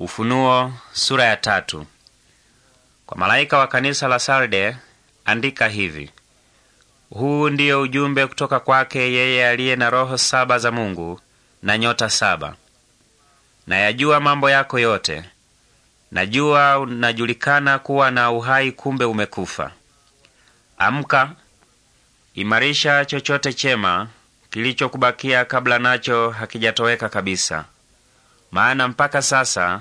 Ufunuo sura ya tatu. Kwa malaika wa kanisa la Sarde andika hivi: huu ndiyo ujumbe kutoka kwake yeye aliye na roho saba za Mungu na nyota saba. Nayajua mambo yako yote, najua unajulikana kuwa na uhai, kumbe umekufa. Amka, imarisha chochote chema kilichokubakia kabla nacho hakijatoweka kabisa, maana mpaka sasa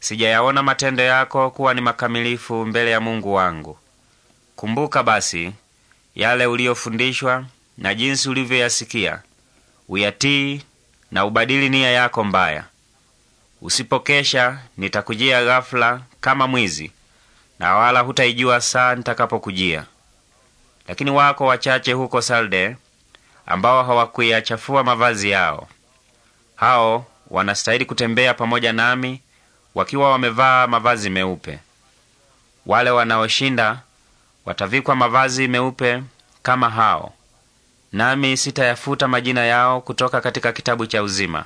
sijayaona matendo yako kuwa ni makamilifu mbele ya Mungu wangu. Kumbuka basi yale uliyofundishwa na jinsi ulivyoyasikia, uyatii na ubadili nia yako mbaya. Usipokesha nitakujia ghafula kama mwizi, na wala hutaijua saa nitakapokujia. Lakini wako wachache huko Salde ambao hawakuyachafua mavazi yao. Hao wanastahili kutembea pamoja nami wakiwa wamevaa mavazi meupe. Wale wanaoshinda watavikwa mavazi meupe kama hao, nami sitayafuta majina yao kutoka katika kitabu cha uzima.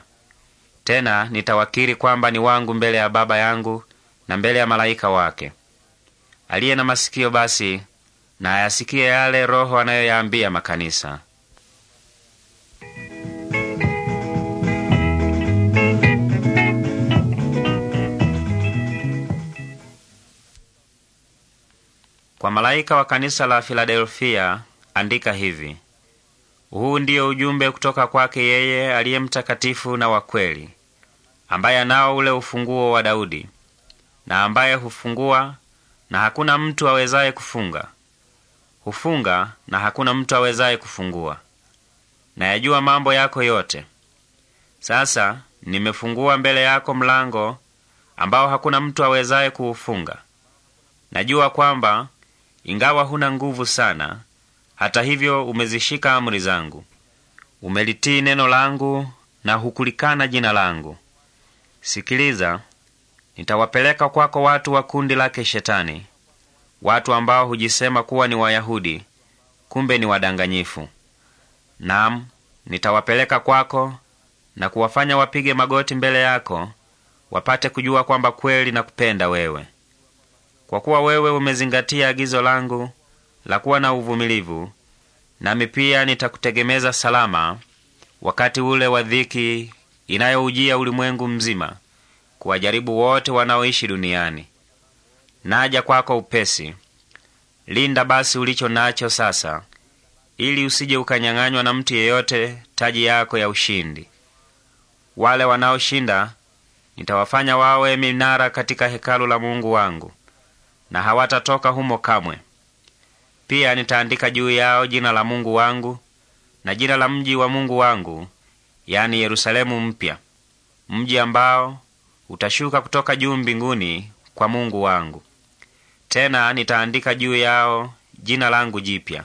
Tena nitawakiri kwamba ni wangu mbele ya Baba yangu na mbele ya malaika wake. Aliye na masikio basi na ayasikie yale Roho anayoyaambia makanisa. Kwa malaika wa kanisa la Filadelfia andika hivi: huu ndiyo ujumbe kutoka kwake yeye aliye mtakatifu na wakweli ambaye anao ule ufunguo wa Daudi, na ambaye hufungua na hakuna mtu awezaye kufunga, hufunga na hakuna mtu awezaye kufungua. Nayajua mambo yako yote. Sasa nimefungua mbele yako mlango ambao hakuna mtu awezaye kuufunga. Najua kwamba ingawa huna nguvu sana, hata hivyo umezishika amri zangu, umelitii neno langu na hukulikana jina langu. Sikiliza, nitawapeleka kwako watu wa kundi lake Shetani, watu ambao hujisema kuwa ni Wayahudi, kumbe ni wadanganyifu. Naam, nitawapeleka kwako na kuwafanya wapige magoti mbele yako, wapate kujua kwamba kweli na kupenda wewe. Kwa kuwa wewe umezingatia agizo langu la kuwa na uvumilivu, nami pia nitakutegemeza salama wakati ule wa dhiki inayoujia ulimwengu mzima kuwajaribu wote wanaoishi duniani. Naja kwako upesi. Linda basi ulicho nacho sasa, ili usije ukanyang'anywa na mtu yeyote taji yako ya ushindi. Wale wanaoshinda nitawafanya wawe minara katika hekalu la Mungu wangu, na hawatatoka humo kamwe. Pia nitaandika juu yao jina la Mungu wangu na jina la mji wa Mungu wangu, yani Yerusalemu mpya, mji ambao utashuka kutoka juu mbinguni kwa Mungu wangu. Tena nitaandika juu yao jina langu jipya.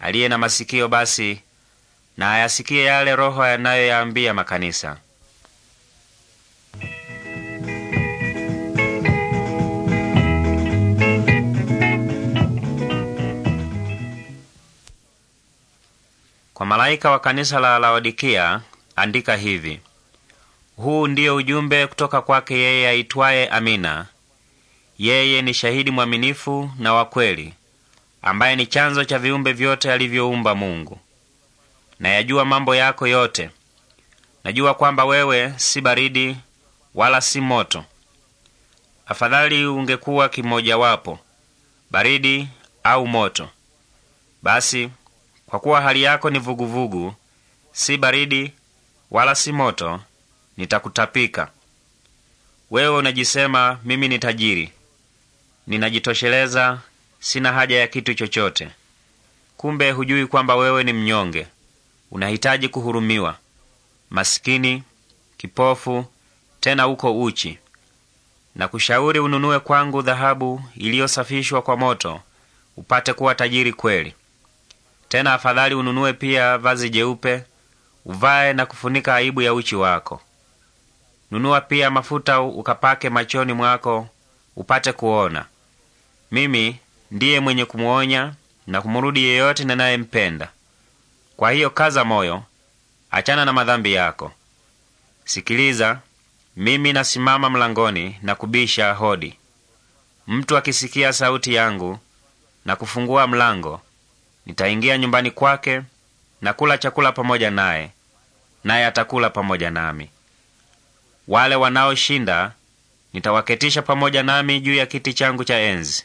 Aliye na masikio basi na ayasikie yale Roho yanayoyaambia makanisa. Kwa malaika wa kanisa la Laodikia andika hivi: huu ndiyo ujumbe kutoka kwake yeye aitwaye Amina. Yeye ni shahidi mwaminifu na wa kweli, ambaye ni chanzo cha viumbe vyote alivyoumba Mungu. Nayajua mambo yako yote. Najua kwamba wewe si baridi wala si moto. Afadhali ungekuwa kimojawapo, baridi au moto. Basi kwa kuwa hali yako ni vuguvugu vugu, si baridi wala si moto, nitakutapika wewe. Unajisema, mimi ni tajiri, ninajitosheleza, sina haja ya kitu chochote. Kumbe hujui kwamba wewe ni mnyonge, unahitaji kuhurumiwa, masikini, kipofu, tena uko uchi. Na kushauri ununue kwangu dhahabu iliyosafishwa kwa moto, upate kuwa tajiri kweli. Tena afadhali ununue pia vazi jeupe, uvae na kufunika aibu ya uchi wako. Nunua pia mafuta ukapake machoni mwako, upate kuona. Mimi ndiye mwenye kumwonya na kumrudi yeyote ninayempenda. Kwa hiyo kaza moyo, achana na madhambi yako. Sikiliza, mimi nasimama mlangoni na kubisha hodi. Mtu akisikia sauti yangu na kufungua mlango, Nitaingia nyumbani kwake na kula chakula pamoja naye, naye atakula pamoja nami. Wale wanaoshinda nitawaketisha pamoja nami juu ya kiti changu cha enzi,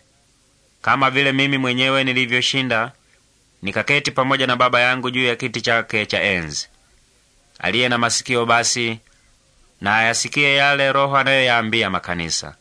kama vile mimi mwenyewe nilivyoshinda nikaketi pamoja na Baba yangu juu ya kiti chake cha enzi. Aliye na masikio basi na ayasikie yale Roho anayoyaambia makanisa.